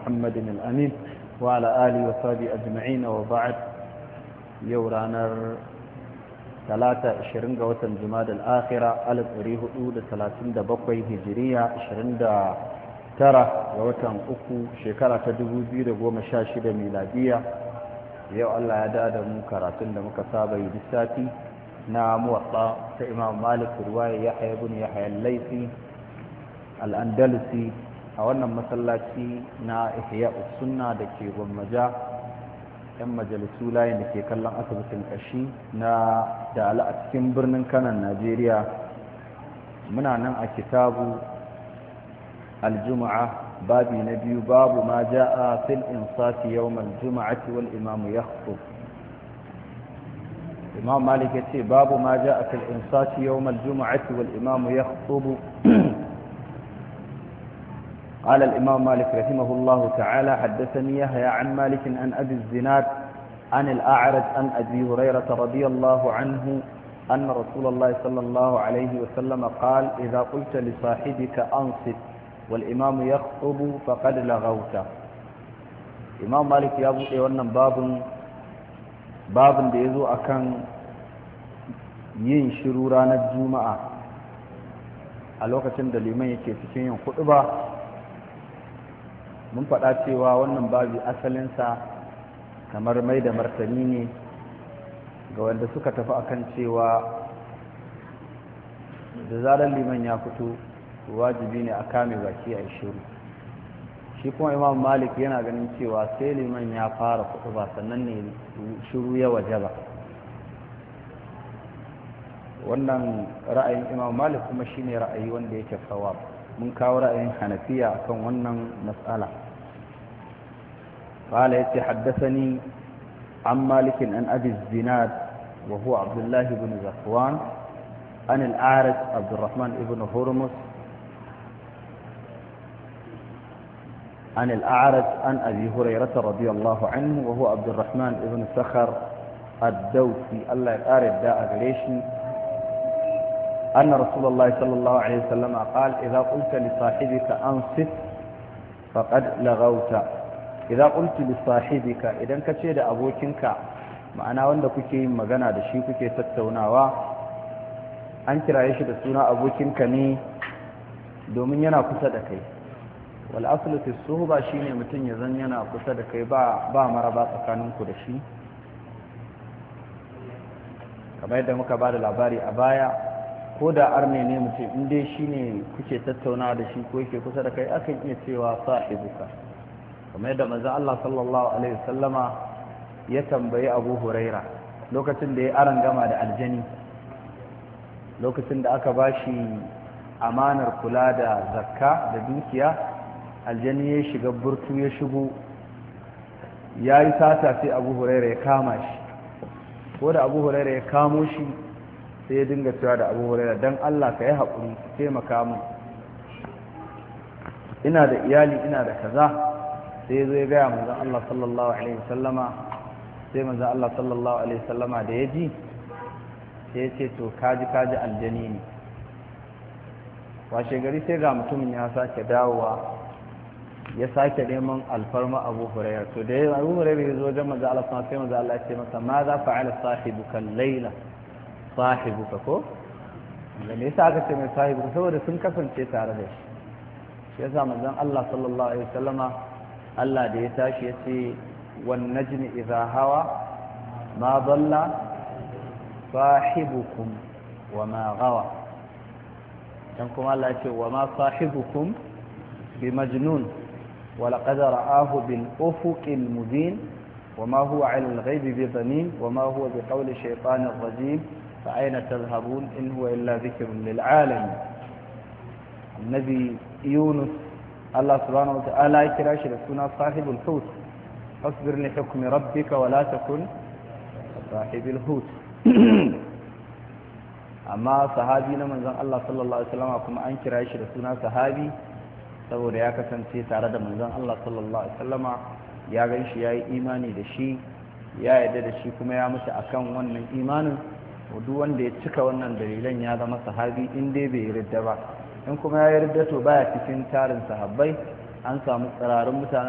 محمد الأمين وعلى آله وصحبه أجمعين وبعد يورانا ثلاثة عشرين قوة جماد الآخرة على طريق أولى ثلاثين دبقوي هجرية عشرين دا ترى قوة أكو شكرة دبوزير قوم شاشد ميلادية يو الله يداد مكراتين دمكسابة يدساتي نعم وطا إمام مالك رواية يحيى بن يحيى الليثي الأندلسي a wannan masallaci na ihya sunna da ke gwammaja yan majalisu layin da ke kallon asibitin kashi na dala a cikin birnin kanan najeriya muna nan a kitabu aljuma'a babi na biyu babu ma ja'a fil insati yawmal juma'ati wal imamu yakhutub imam malik ya ce babu ma ja'a fil insati yawmal juma'ati wal imamu yakhutub قال الإمام مالك رحمه الله تعالى حدثني يحيى عن مالك عن أبي الزناد عن الأعرج عن أبي هريرة رضي الله عنه أن رسول الله صلى الله عليه وسلم قال إذا قلت لصاحبك أنصت والإمام يخطب فقد لغوت إمام مالك يابو إيوانا باب باب ديزو أكان yin shiru ranar juma'a a lokacin da liman yake cikin yin hudu ba mun faɗa cewa wannan babi asalinsa kamar mai da martani ne ga wanda suka tafi akan cewa da zarar liman ya fito wajibi ne a kame baki a shiru shi kuma imam malik yana ganin cewa sai liman ya fara kuɗi ba sannan ne shiru ya waje ba wannan ra'ayin imam malik kuma shine ra'ayi wanda yake sawab mun kawo ra'ayin hanafiya akan wannan matsala قال يتي حدثني عن مالك عن أبي الزناد وهو عبد الله بن زفوان عن الأعرج عبد الرحمن بن هرمز عن الأعرج عن أبي هريرة رضي الله عنه وهو عبد الرحمن بن سخر الدوسي الله يقارب داء غريشي أن رسول الله صلى الله idan وسلم قال إذا قلت لصاحبك أنصت فقد لغوت إذا قلت لصاحبك إذا كتشيد أبوكنك ma'ana wanda kuke yin magana da shi kuke tattaunawa an kiraye shi da suna abokinka ne domin yana kusa da kai wal aslu fi suhba shine mutun ya zan yana kusa da kai ba ba maraba tsakaninku da shi kamar yadda muka ba da labari a baya ko da arne ne mutum in dai shi ne kuke tattaunawa da shi ko yake kusa da kai akan iya cewa sahibuka kamar yadda manzon Allah sallallahu alaihi wasallama ya tambayi Abu Huraira lokacin da ya aran gama da aljani lokacin da aka bashi amanar kula da zakka da dukiya aljani ya shiga burtu ya shigo ya yi sata sai abu huraira ya kama shi ko da abu huraira ya kamo shi sai ya dinga cewa da abu huraira don allah ka yi haƙuri taimaka min ina da iyali ina da kaza sai ya zo ya gaya manzan allah sallallahu alaihi wasallama sai manzan allah sallallahu alaihi wasallama da ya ji sai ya ce to kaji kaji aljani ne washe gari sai ga mutumin ya sake dawowa ya sake neman alfarma abu hurairar to da abu hurairar ya zo wajen maza Allah sai maza Allah ya ce masa ma za fa'ala sahibuka laila sahibuka ko da me yasa aka ce mai sahibuka saboda sun kasance tare da shi shi yasa manzon Allah sallallahu alaihi wasallama Allah da ya tashi ya ce wan najmi idha hawa ma dalla sahibukum wa ma gawa dan kuma Allah ya ce wa ma sahibukum bi majnun ولقد رآه بالأفق المبين وما هو على الغيب بضنين وما هو بقول شيطان الرجيم فأين تذهبون إن هو إلا ذكر للعالم النبي يونس الله سبحانه وتعالى يكراش لسنا صاحب الحوت فاصبر لحكم ربك ولا تكن صاحب الحوت amma sahabi na manzon Allah sallallahu kuma an kira shi da suna sahabi saboda ya kasance tare da manzon Allah sallallahu alaihi wasallam ya gan shi yayi imani da shi ya yarda da shi kuma ya mutu akan wannan imanin duk wanda ya cika wannan dalilan ya zama sahabi in dai bai yarda ba in kuma ya yarda to baya cikin tarin sahabbai an samu tsirarin mutanen